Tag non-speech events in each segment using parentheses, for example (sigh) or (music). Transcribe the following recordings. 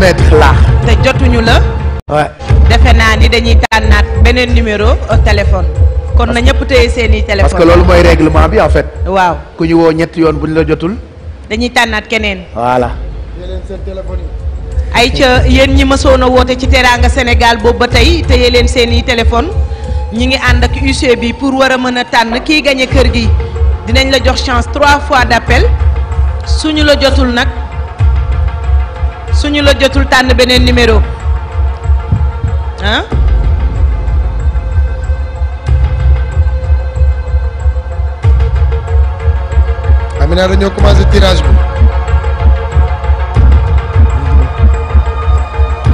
mettre là. te jotuñu la. defe naa ni dañuy tànnaat beneen numéro téléphone. kon na ñëpp téye seen i téléphone. parce que loolu mooy règlement bi en fait. waaw ku ñu woo ñetti yoon bu ñu la jotul. dañuy tànnaat keneen. voilà. ay ca yéen ñi mësoon a woote ci teraanga Sénégal boobu ba tey téye leen seen i téléphone ñi ngi ànd ak UC bi pour war a mën a tànn kii gañe kër gi dinañ la jox chance trois fois d'appel suñu la jotul nag. suñu la jotul tànn beneen numéro ah Amina dañoo commencé tirage bu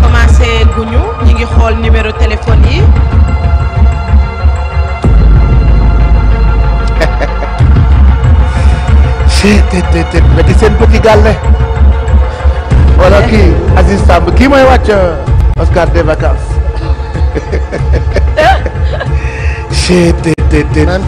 commencé guñu ñu ngi xool numéro téléphone yi (laughs) te seen petit gàlle wala kii Aziz Samb kii mooy wàcc Oscar des vacances. GTT. (laughs) naan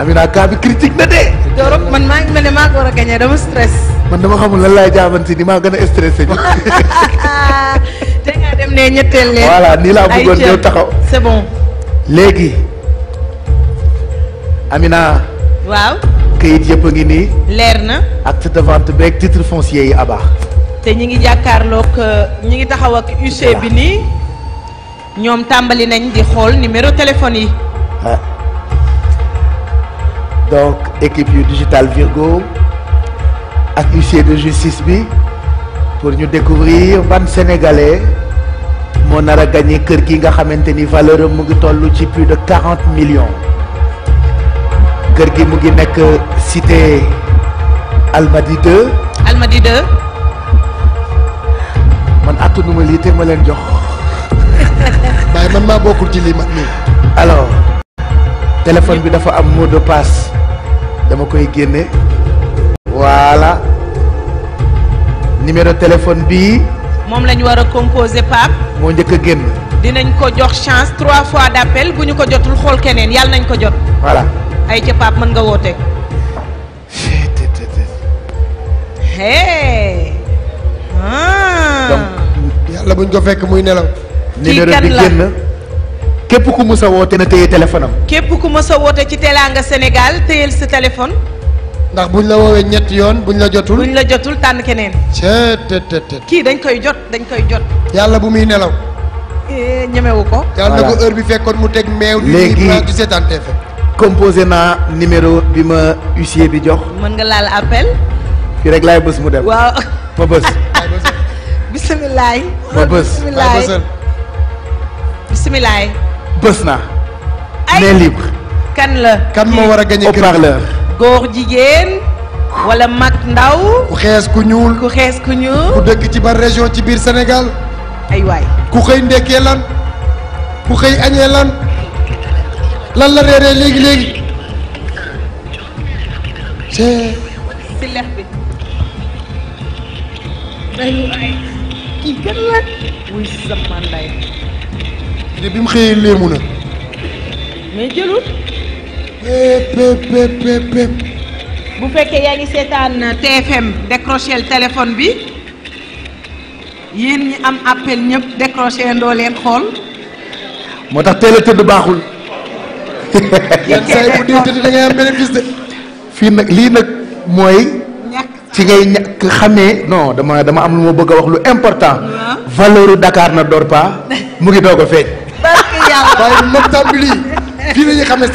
Amina cas critique na de. Diorop man maa ngi ne maa ko war a gagné dama stress. man dama xamul lan laay jaabante ni maa gën a stressé. (laughs) te nga dem ne ñetteel leen. voilà nii laa bëggoon ñëw taxaw c'est bon. léegi Amina. waaw. kayit yëpp a ngi nii. leer na. acte de vente beeg titre foncier yi abaa te ñi ngi jàkkaarlook euh, ñi ngi taxaw ak UC bi nii ñoom tàmbali nañ di xool numéro téléphone yi. Ah. donc équipe yu digital Virgo ak huissier de justice bi pour ñu découvrir ban sénégalais moo nar a gagné kër gi nga xamante ni valeur am mu ngi toll ci plus de quarante millions kër gi mu ngi nekk cité Almadies 2. Almadies 2. man attanu ma lii te ma leen jox waaye (laughs) man maa bokkul ci mag man nii. alors bi dafa am mot de dama koy génne voilà numéro téléphone bi moom lañu war a composé Pape. moo njëkk a génn. dinañ ko jox chance trois fois d' appel bu ñu ko jotul xool keneen yàlla nañ ko jot. voilà ay ca Pape mën nga woote. hey. Ah. yàlla buñ ko fekk muy nelaw. numéro bi génn képp ku mës a woote na téye téléphone képp ku mës a woote ci Télanga Sénégal téyel sa téléphone. ndax buñ la woowee ñett yoon buñ la jotul. buñ la jotul tànn keneen. cee kii dañ koy jot dañ koy jot. yàlla bu muy nelaw. E, ñemewu ko. yàlla ko heure bi fekkoon mu teg meew. léegi du seetaan TFM. composé naa numéro bi ma usie bi jox. mën nga laal appel. fii rek laay bës mu dem. waaw ma bës. (laughs) bisimilaay. ma bës ma bësal bisimilaay. bës na. ay mais libre. kan la. kan moo war a gagné au jigéen. wala mag ndaw. ku xees ku ñuul. ku xees ku ñuul. ku dëkk ci ban région ci biir Sénégal. ay waay ku xëy ndekkee lan. ku xëy añee lan. lan la reeree léegi léegi. si lex bi. kii gën la wuy sa manday bi mu xëyee léemu na mais jëlul bu fekkee yaa ngi seetaan TFM décrochel téléphone bi yéen ñi am appel ñëpp décroché ndoo leen xool moo tax teel a tëdd baaxul (laughs) yan saa bu dee tëdd da am bénéfice de fii nag lii nag mooy ci ngay ñàkk xamee non dama dama am lu ma bëgg a wax lu important. valeur Dakar na dort mu ngi doog a feeñ. (laughs) waaye fii la ñuy xam ne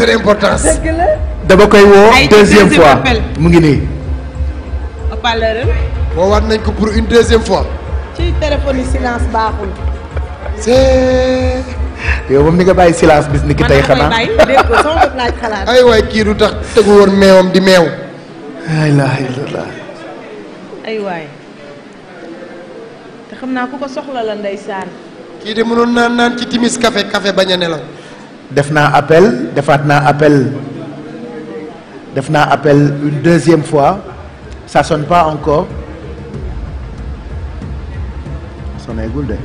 dama koy woo deuxième fois mu ngi nii. woowaat nañ ko pour une deuxième fois. ci téléphone silence baaxul. c'est. yow moom ni nga bàyyi silence bis ni ki tey xanaa ay waay kii du tax tegu woon meewam di meew. la ilaha illallah. ay waay te xam naa ku ko soxla la ndeysaan kii de mënoon naan naan ci timis café café bañ a nelaw def naa appel defaat naa appel def naa appel une deuxième fois ça sonne pas encore sonneegul de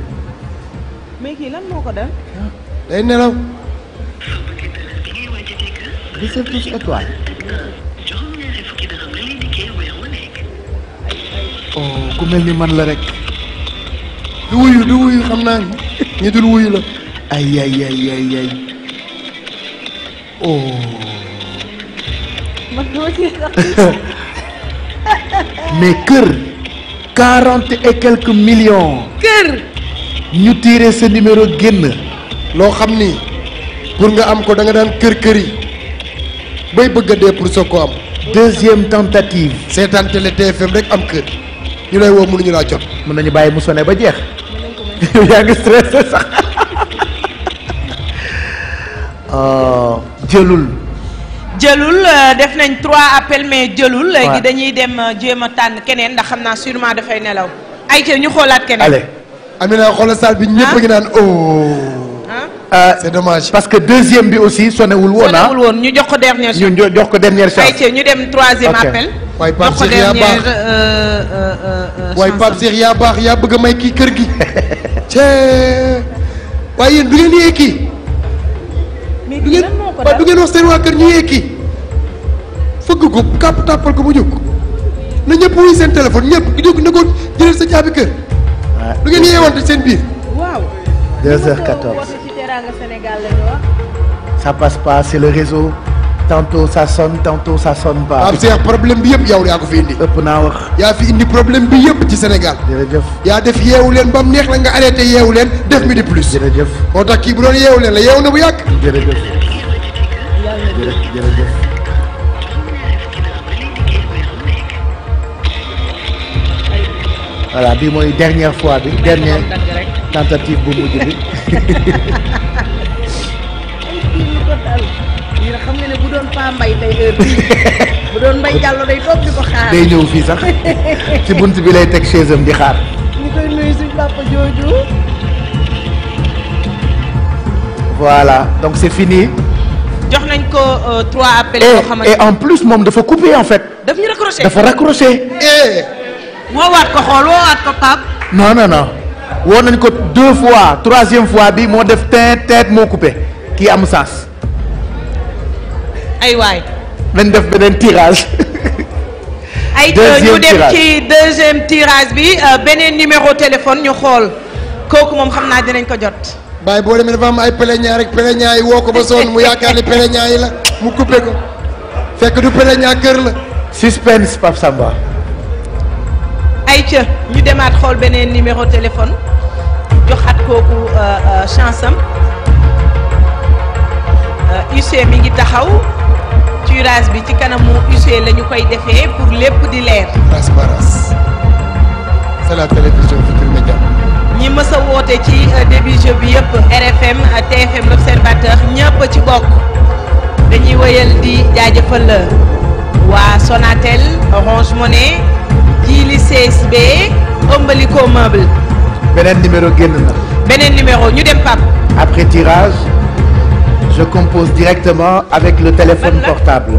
mais kii lan moo ko def day nelaw 19 étoiles Oh, ku mel ni man la rek du wuyu du wuyu xam naa ñi dul wuyu la ay ay ay ay ay oh. (laughs) mais kër quarante et quelques millions. kër. ñu tiire sa numéro génn. loo xam ni pour nga am ko danga daan kër kër yi bay bëgg a dee pour soo ko am. deuxième tentative. seetaan télé TFM rek am kër. ñu lay woo mënuñu laa jot. mën nañu bàyyi mu sonné ba jeex. (laughs) yaa ngi stressé sax. Euh, jëlul. jëlul euh, def nañ trois appels mais jëlul. léegi dañuy dem euh, jéem a tànn keneen ndax xam naa sûrement dafay nelaw. ayca ñu xoolaat keneen. allez naa xoolal salle bi ñëpp a ngi ah. naan oh. Ah. c'est dommage. parce que deuxième bi aussi sonné wul woon ah woon ñu jox ko dernière chance. ñu jox ko dernière ñu dem troisième appel. waaye Pape Cheikh yaa baax euh, euh, euh, waaye Pape yaa baax yaa bëgg a may kii kër gi (laughs) cee waaye yéen du ngeen yee kii du ngeen waaye du ngeen wax seen waa kër ñu yee fëgg ko kàpp tàppal ko mu jóg na ñëpp wuy seen téléphone ñëpp jóg na ko jëlal sa caabi kër ah, du ngeen yeewante seen biir waaw 2 passe c'est le réseau tantôt sa sonne tantôt sa sonne pas. Pape Cheikh problème bi yëpp yow yaa ko fi indi. ëpp naa wax. yaa fi indi problème bi yëpp ci Sénégal. jërëjëf yaa def yeewu leen ba mu neex la nga arrêté yeewu leen def mi di plus. jërëjëf moo tax kii bu doon yeewu leen la yeewu na bu yàgg. jërëjëf jërëjëf. bi mooy dernière fois bi (laughs) xam nga ne bu doon Pa Mbaye tey heure bi bu day ñëw fii sax ci bunt bi lay teg chaise am di xaar. ñu koy nuyu suñu papa jooju. voilà donc c'est fini. jox nañ ko euh, trois appels yoo xamante et en plus moom dafa coupé en fait. daf ñu raccroché dafa raccroché. Eh. woowaat ko xool woowaat ko Pape. non non non woo nañ ko deux fois troisième fois bi moo def teint teint moo coupé kii am sens. ay waay. dañ def beneen tirage. ay ñu dem ci deuxième tirage bi euh, beneen numéro téléphone ñu xool kooku moom xam naa dinañ ko jot. bàyyi boo demee dafa am ay plénière rek plénière yi woo ko ba sonn mu yaakaar ni plénière la mu coupé ko fekk du plénière kër la. suspense Pape Samba. ayca ñu demaat xool beneen numéro téléphone joxaat kooku euh, euh, chance am UC mi ngi taxaw. curage bi ci kanamu UG la ñu koy defee pour lépp di leer. transparence c'est ñi mës a woote ci euh, début bi yëpp RFM euh, TFM l'Observateur ñëpp ci bokk dañuy wëyal di jaajëfal euh, waa Sonatel Orange Money Jili CSB Ombalico Meuble. beneen numéro génn na. beneen numéro ñu dem Pape. après tirage. je compose directement avec le téléphone portable.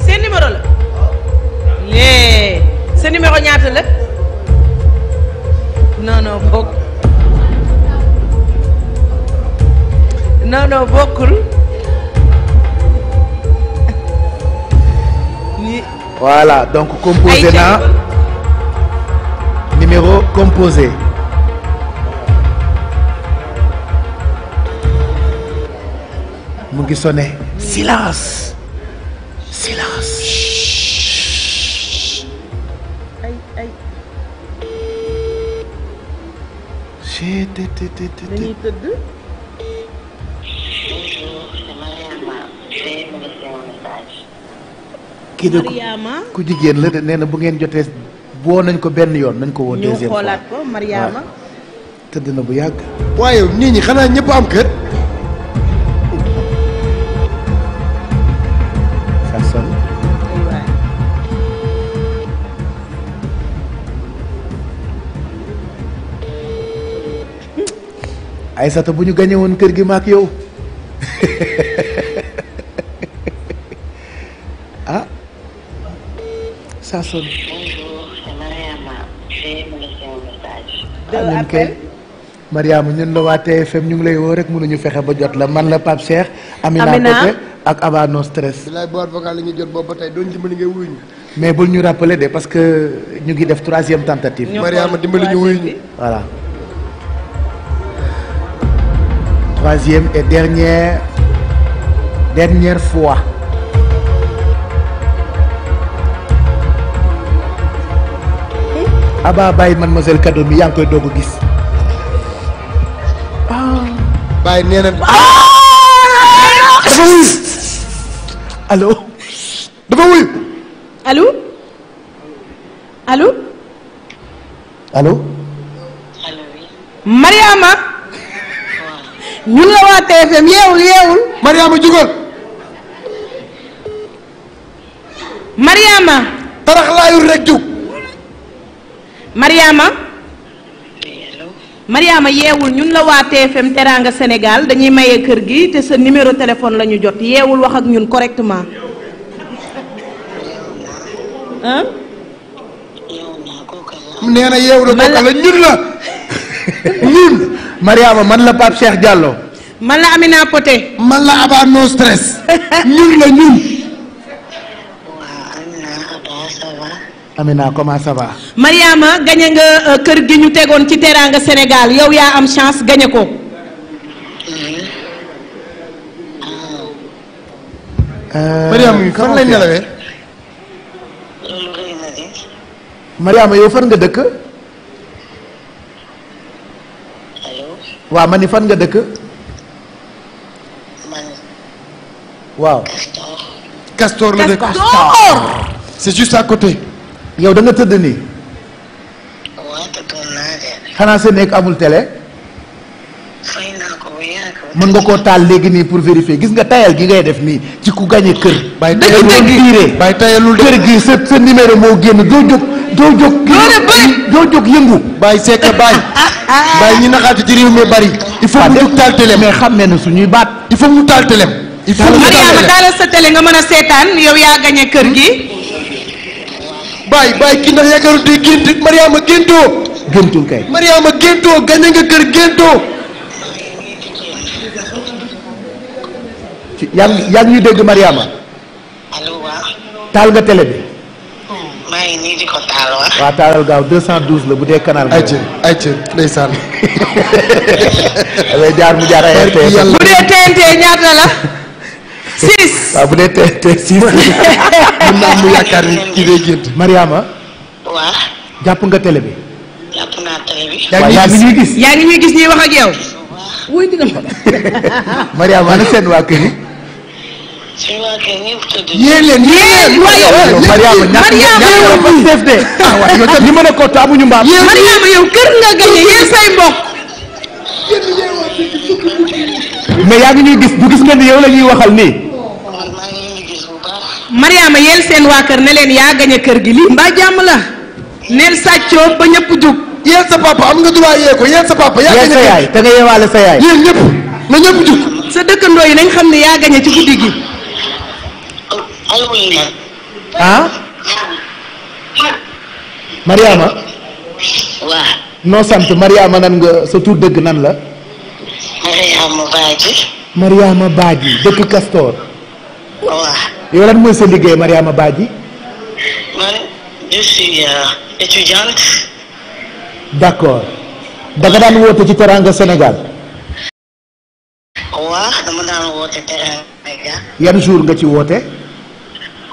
seen numéro la. léegi sa numéro ñaata la. non non bokk. non non bokkul. ni. voilà donc composé na mu ngi sone silence silence kii ay dañuy tëdd ku jigéen la de nee na bu ngeen jotee boo nañ ko benn yoon nañ ko woo deuxième fois ko Mariama tëdd na bu yàgg waaye nit ñi xanaa ñëpp am kër ay sato bu ñu gañe woon kër gi maak yow (laughs) ah ça sonne. ñun kay Mariama ñun la waa TFM ñu ngi lay woo rek mënuñu fexe ba jot la man la Pape Cheikh. Amina Poté ak Aba No Stress. bilaay la ñuy jot boobu ba tey doon dimbali ngay mais bu ñu rappeler de parce que ñu ngi def troisième tentative. Mariama dimbali ñu wuyu ñu voilà. troisième et dernière dernière fois Abba bàyyi mademoiselle cadeau bi yaa ngi koy doog gis ah. bàyyi ah! dafa wuyu allo dafa wuyu allo allo allo allo Mariama ñun la waa TFM yeewul yeewul. Mariama jugal. Mariama. tarax laayul rek jug. Mariama. Mariama yeewul ñun la waa TFM Teranga Sénégal dañuy maye kër gi te sa numéro téléphone la jot yeewul wax ak ñun correctement. ah. nee na yeewu la ñun la. ñun. (laughs) Mariama man la Pape Cheikh Diallo. man la Amina Poté. man la Aba No Stress. ñun la ñun. Amina gañe nga euh, kër gi ñu tegoon ci teraanga Sénégal yow yaa am chance gañe ko. Euh, Mariama fan lañ nelawee. Mariama yow fan nga dëkk. waaw ma ni fan nga dëkk. waaw. Castor. Castor la dëkk Castor. c'est juste à côté. yow da nga tëdd nii. xanaa sa néeg amul télé. mën nga koo taal léegi nii pour vérifier gis nga tayal gi ngay def nii ci ku gañe kër. bay tayalul da ngay bay tayalul de kër gi sa sa numéro moo génn doo jóg. doo jóg doo jóg yëngu. bay sekk bay (laughs) ah, ah, ah. bay ñi naxaate ci réew mi bari. il faut mu jóg taal télé mais xam ne suñuy baat. il faut mu taal télé. il faut mu taal télé Mariama taalal sa télé nga mën a seetaan yow yaa gañe kër gi. bay bay ki ndax yaakaarul day gént Mariama géntoo. géntul kay. Mariama géntoo gañe nga kër géntoo. ci yaa ngi dégg Mariama. allo waaw. taal nga télé bi. maa taalal gaaw la bu dee canal. ay RTS. bu dee TNT ñaata la. 6 waaw bu dee TNT 6. mën naa am mu yaakaar ni kii day gént. Mariama. waaw. jàpp nga télé bi. jàpp naa télé bi. yaa ngi ñuy gis yaa ngi ñuy gis ñuy wax ak yow. wuy dina ma. Mariama ana seen waa yi. yee leen yee leen. Mariama ñàkk ñi mën a kottu amuñu mbaam. Mariama yow kër nga gañe yee say mbokk. ma yaa ngi ñuy gis bu gis ngeen ni yow la waxal nii. Mariama yeel seen waa kër ne leen yaa gañe kër gi lii mbaa jàmm la. neel sàccoo ba ñëpp jug. yéen sa papa am nga droit yee sa papa. yaa gañe sa yaay te nga yeewaale sa yaay. yéen ñëpp na ñëpp jug. sa dëkkandoo yi nañ xam ne yaa gañe ci guddi gi. Ah? ah. Mariama. waaw. sant Mariama nan nga sa tur dëgg nan la. Mariama Badji. Mariama Badji dëkk Castor. waaw. yow lan mooy sa liggéey Mariama Badji. man je suis euh, étudiante. d'accord da daan woote ci Teranga Sénégal. waaw dama yan jour nga ci woote.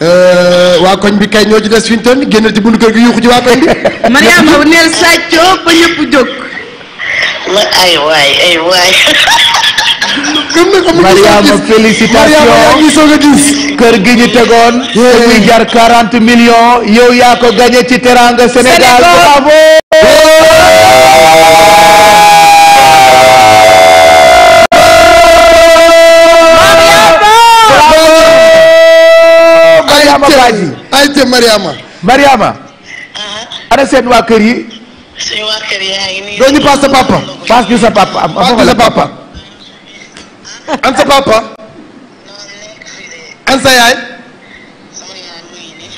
Euh, waa koñ bi kay ñoo ci des fi ci bundu kër gi yuuxu ci waa koñ bi. (laughs) Mariama neel sàccoo ba ñëpp jóg. ma ay waay ay waay. (laughs) gëm na ko gis. kër gi ñu tegoon. te muy jar 40 millions. yow yaa ko gagné ci teranga Sénégal bravo. ca Mariama. Mariama. Uh-huh. ana seen waa kër yi. suñu waa kër yaa ngi doo ñu paas sa papa. paas ñu sa papa am am sa papa. Ah. an sa papa. an sa yaay.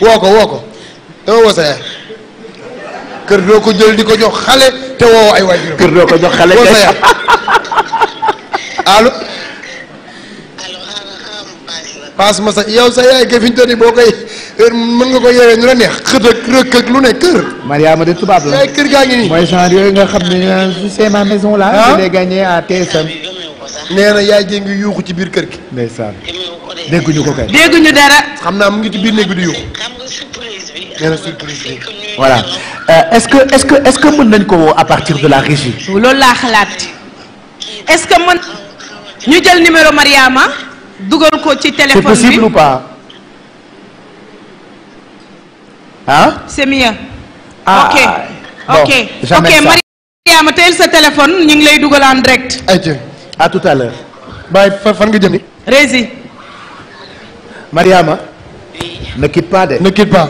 woo ko woo ko dama woo sa yaay. kër doo ko jël di ko jox xale te woo ay waajuram. kër doo ko jox xale te woo sa yaay (laughs) allo. paas ma sax yow sa yaay ke fi boo koy mën nga ko yeewee ñu la neex xët rëkk lu ne kër. Mariama de tubaab la kër mooy genre yooyu nga xam ne c'est ma maison là. Ah? je l'ai gagné à TSM. nee na yaay yuuxu ci biir kër gi. ndeysaan dégguñu ko kay. dégguñu dara. xam naa mu ngi ci biir néeg bi di yuuxu. nee na surprise bi. voilà euh, est-ce que est-ce que est-ce que mën nañ ko woo à partir de la régie. loolu laa xalaat est-ce que ñu jël numéro Mariama. dugal ko ci téléphone bi c'est possible ah, ok ok ok Mariama teel sa téléphone ñu ngi lay dugal en direct. adieu à tout à l'heure bàyyi fan nga jëm ni. Rési. Mariama. ne quitte pas de. ne pas.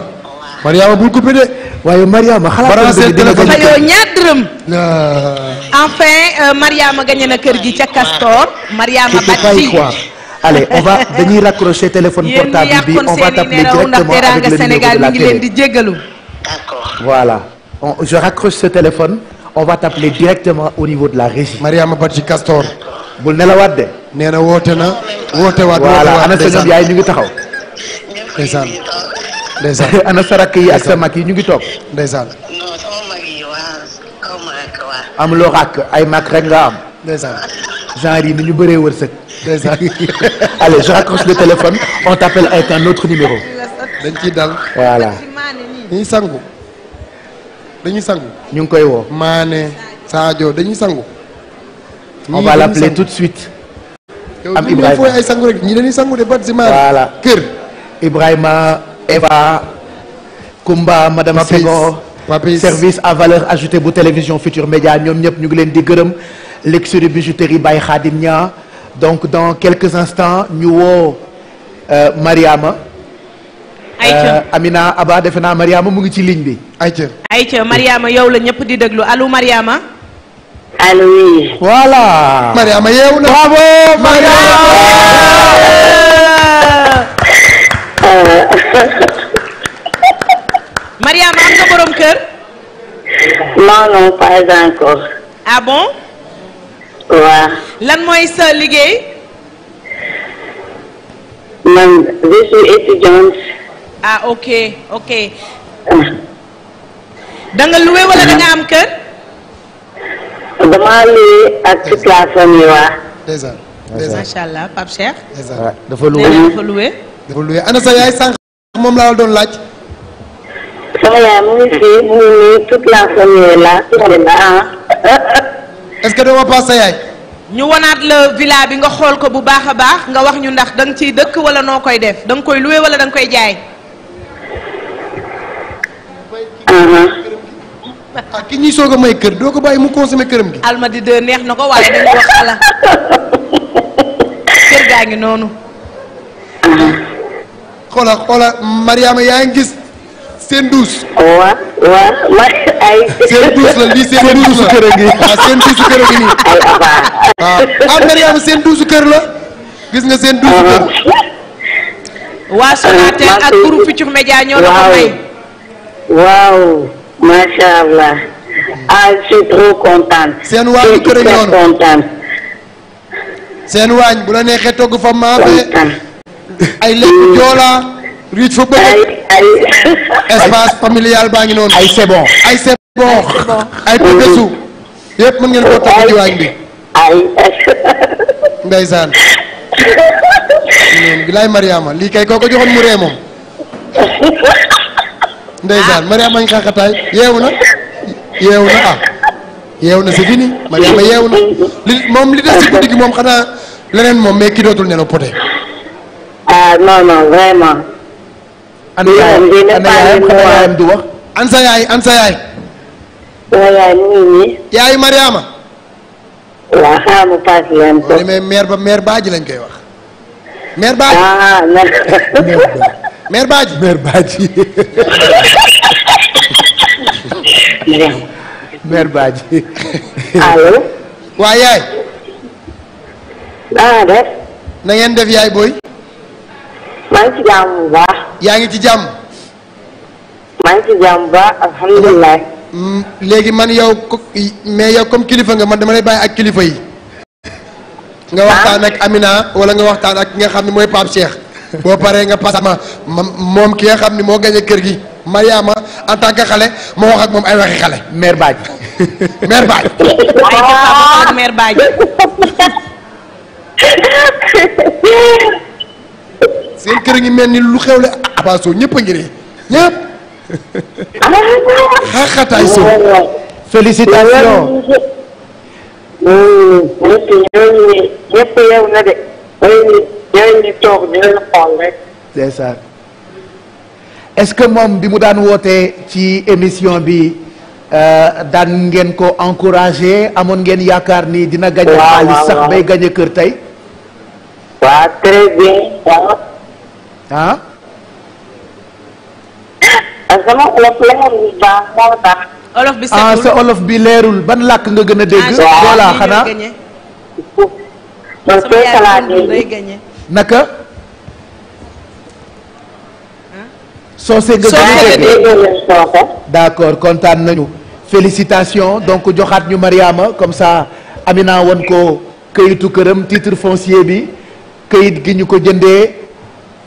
Mariama bul coupé de. waaye Mariama xalaat seen téléphone bi yow ñaar euh, kër gi ca Castor. Mariama Bati allez on va dañuy raccrocher téléphone portable bi on va t'appeler directement avec le numéro de la télé d'accord voilà je raccroche ce téléphone on va t'appeler directement au niveau de la régie. Mariama Badji Castor. bul nelawaat de. nee na woote na woote waat. voilà ana sa ñoom yaay ñu ngi taxaw. (laughs) ndeysaan ana sa rakk yi ak sa mag yi ñu ngi toog. ndeysaan. am loo rakk ay mag rek nga am. genre yi ni ñu bëree wërsëg. ndeysaan (laughs) allez je raccroche le téléphone on t'appelle avec un autre numéro. dañ ciy dal. voilà. dañuy sangu. dañuy sangu. ñu ngi koy woo. Mané Sadio dañuy sangu. on va l'appeler tout de suite. am Ibrahima yow sangu rek ñi dañuy sangu kër. Ibrahima Eva. Kumba madame Senghor. service à valeur ajoutée bu télévision Futur Média ñoom ñëpp ñu ngi leen di gërëm. luxury bijouterie Baye Khadim Nia donc dans quelques instants ñu woo euh, Mariama. Euh, ayca Amina Aba defe naa Mariama mu ngi ci ligne bi ayca. ayca Mariama yow la ñëpp di déglu allo Mariama. allo oui. voilà. Mariama yeewu na. bravo Mariama. (laughs) Mariama am nga borom kër. non non pas encore. ah bon. waaw. lan mooy sa liggéey. man je suis étudiante. ah ok ok. Ah. da nga luwe wala da nga am kër. damaa luwe ak toute la famille waa. dèjà dèjà macha allah Pape Cheikh. dèjà dafa luwe dafa luwe. dafa luwe ana sa yaay sànq moom laa doon laaj. sama yaay mu ngi fii mu ngi nii toute la famille la. est-ce que dama paas sa yaay. ñu wanaat la villa bi nga xool ko bu baax a baax nga wax ñu ndax da ciy dëkk wala noo koy def da koy loué wala da koy jaay. ah ki ñuy soog a may kër doo ko bàyyi mu consommer këram gi. almadi de neex na ko waaye dañu wax ala kër gaa ngi noonu. xoola xoola Mariama yaa ngi gis. seen douze. waaw waaw man ay. seen douze la lii seen douze la seen douze kër gi ah, nii. waaw. Ah, ah Mariama seen douze kër la. gis nga seen douze kër. Ah. waa Sonatel ak groupe Futurs Médias ñoo la ko may. waaw macha allah. ah je suis kër yi noonu seen waañ bu la neexee togg fa maafe ay lekk joolaa ruuj fa bëgg espace familial baa ngi noonu. ay c'est ay c'est bon. ay bëgg yëpp mën ngeen koo takk ci waañ bi. ay ndeysaan. bilaay Mariama lii kay koo ko joxoon mu ree moom. ndeysaan Mariama ñu xaaxataay yeewu na yeewu na ah yeewu na c'est fini Mariama yeewu na li moom li des ci guddi gi moom xanaa leneen moom mais ki dootul nelaw poté. ah non non vraiment. ana yaayam ana yaayam xam nga yaayam di wax. an sa yaay an sa yaay. waaw yaay mu ngi nii. yaay Mariama. waaw xaaral ma paas leen ko. mais mère ba mère Badji lañ koy wax. mère Badji ah mère Badji mère Badji. mère Badji. allo. waaw yaay. Ah, na ngeen def yaay booy. maa ngi ci jàmm bu yaa ngi ci jàmm. maa ngi ci jàmm bu baax mm, léegi man yow mais yow comme kilifa nga man dama lay bàyyi ak kilifa yi. nga waxtaan ak Amina wala nga waxtaan ak ki nga xam ne mooy Pape Cheikh. boo paree nga pass moom ki nga xam ni moo gañe kër gi Mariama en tant xale moo wax ak moom ay waxi xale. mère Badji. (laughs) mère Badji. (laughs) seen kër ngi mel ni lu xewle abaso ñëpp a ngi ree ñëpp xaaxaataay so est-ce que moom bi mu daan woote ci émission bi euh, daan ngeen ko encouragé amoon ngeen yaakaar nii dina gañe xaalis sax bay gañe kër tey waaw très bien ah. olof bi ah, sa olof bi leerul ban làkk nga gën a dégg. Ah, voilà xanaa. man laa dégg. naka. Ah? kontaan nañu. félicitations donc joxaat ñu Mariama comme ça Amina won ko këyitu këram titre foncier bi këyit gi ñu ko jënde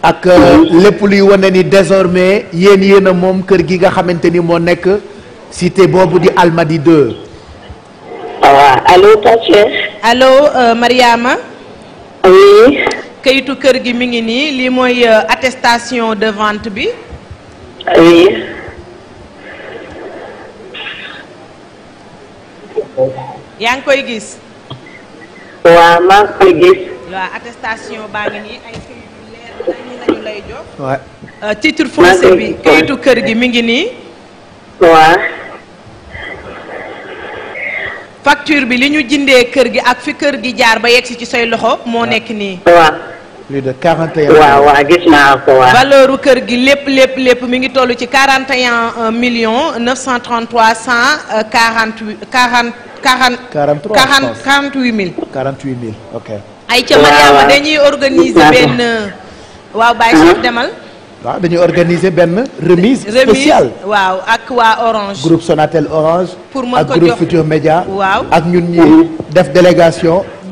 ak euh, lépp luy wane ni désormais yéen yéen moom kër gi nga xamante ni moo nekk cité boobu di Almadi 2. waaw ah, allo Pape allo euh, Mariama. oui. kayitu kër gi mi ngi nii lii mooy euh, attestation de vente bi. oui. yaa ngi koy gis. waaw maa ngi koy gis. waaw attestation baa ngi nii waaw euh, titre foncier bi kayitu kër gi mi ngi nii. waaw. facture bi li ñu jëndee kër gi ak fi kër gi jaar ba yegsi ci say loxo moo nekk nii. waaw. plus kër gi lépp lépp lépp mi ngi toll ci 41 euh, millions 933 148 40 40. ay ca Mariama dañuy organiser benn. waaw Baye Cheikh mhm. demal. waaw dañuy organiser benn remise. spéciale waaw ak waa Orange. groupe Sonatel Orange. pour mën ak groupe Futur Média. waaw ak ñun ñi mhm. def délégation.